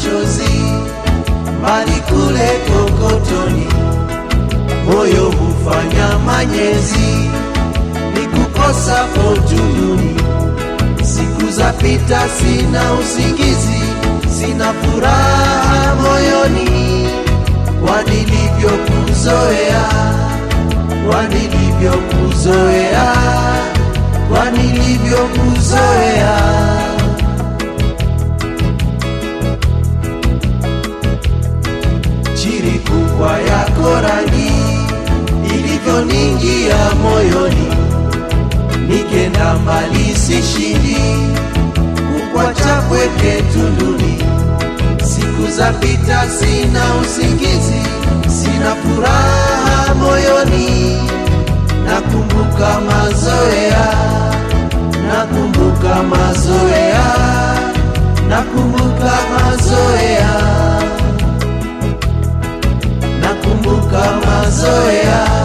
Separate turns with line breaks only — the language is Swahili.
machozi, mali kule kokotoni, moyo hufanya manyezi, ni kukosa fortuni. Siku za pita, sina usingizi, sina furaha moyoni, wanilivyokuzoea, wanilivyokuzoea, wanilivyo moyoni, nikenda mbali sishindi, kukuacha kweke tunduni. Siku za pita, sina usingizi, sina furaha moyoni, nakumbuka mazoea, nakumbuka mazoea, nakumbuka mazoea, nakumbuka mazoea